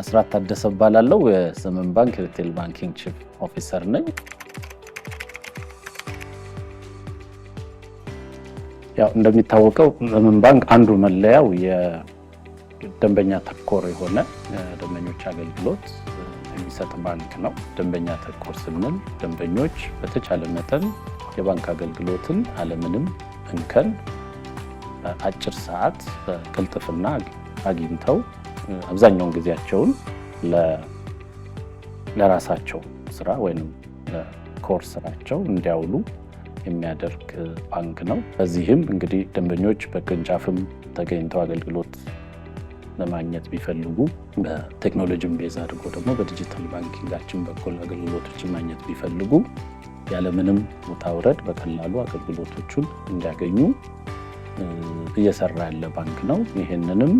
አስራት ታደሰ እባላለሁ። የዘመን ባንክ ሪቴል ባንኪንግ ቺፍ ኦፊሰር ነኝ። ያው እንደሚታወቀው ዘመን ባንክ አንዱ መለያው የደንበኛ ተኮር የሆነ ደንበኞች አገልግሎት የሚሰጥ ባንክ ነው። ደንበኛ ተኮር ስንል ደንበኞች በተቻለ መጠን የባንክ አገልግሎትን አለምንም እንከን በአጭር ሰዓት በቅልጥፍና አግኝተው አብዛኛውን ጊዜያቸውን ለራሳቸው ስራ ወይም ኮር ስራቸው እንዲያውሉ የሚያደርግ ባንክ ነው። በዚህም እንግዲህ ደንበኞች በቅርንጫፍም ተገኝተው አገልግሎት ለማግኘት ቢፈልጉ በቴክኖሎጂም ቤዝ አድርጎ ደግሞ በዲጂታል ባንኪንጋችን በኩል አገልግሎቶችን ማግኘት ቢፈልጉ ያለምንም ውጣ ውረድ በቀላሉ አገልግሎቶቹን እንዲያገኙ እየሰራ ያለ ባንክ ነው። ይህንንም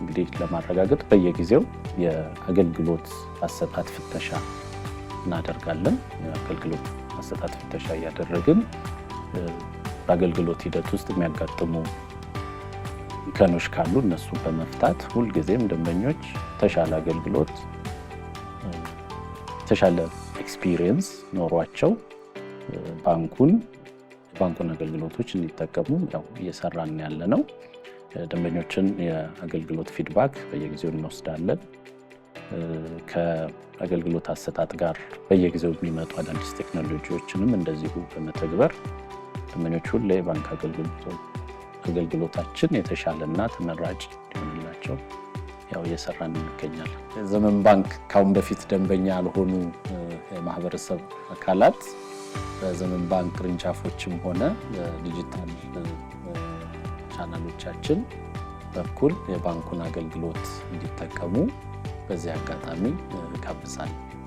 እንግዲህ ለማረጋገጥ በየጊዜው የአገልግሎት አሰጣጥ ፍተሻ እናደርጋለን። የአገልግሎት አሰጣጥ ፍተሻ እያደረግን በአገልግሎት ሂደት ውስጥ የሚያጋጥሙ ከኖች ካሉ እነሱ በመፍታት ሁልጊዜም ደንበኞች የተሻለ አገልግሎት የተሻለ ኤክስፒሪየንስ ኖሯቸው ባንኩን ባንኩን አገልግሎቶች እንዲጠቀሙ ያው እየሰራን ያለ ነው። ደንበኞችን የአገልግሎት ፊድባክ በየጊዜው እንወስዳለን። ከአገልግሎት አሰጣጥ ጋር በየጊዜው የሚመጡ አዳዲስ ቴክኖሎጂዎችንም እንደዚሁ በመተግበር ደንበኞች ሁሌ የባንክ አገልግሎታችን የተሻለና ተመራጭ እንዲሆንላቸው ያው እየሰራን እንገኛለን። ዘመን ባንክ ካሁን በፊት ደንበኛ ያልሆኑ የማህበረሰብ አካላት በዘመን ባንክ ቅርንጫፎችም ሆነ ዲጂታል ቻናሎቻችን በኩል የባንኩን አገልግሎት እንዲጠቀሙ በዚህ አጋጣሚ ጋብዛለሁ።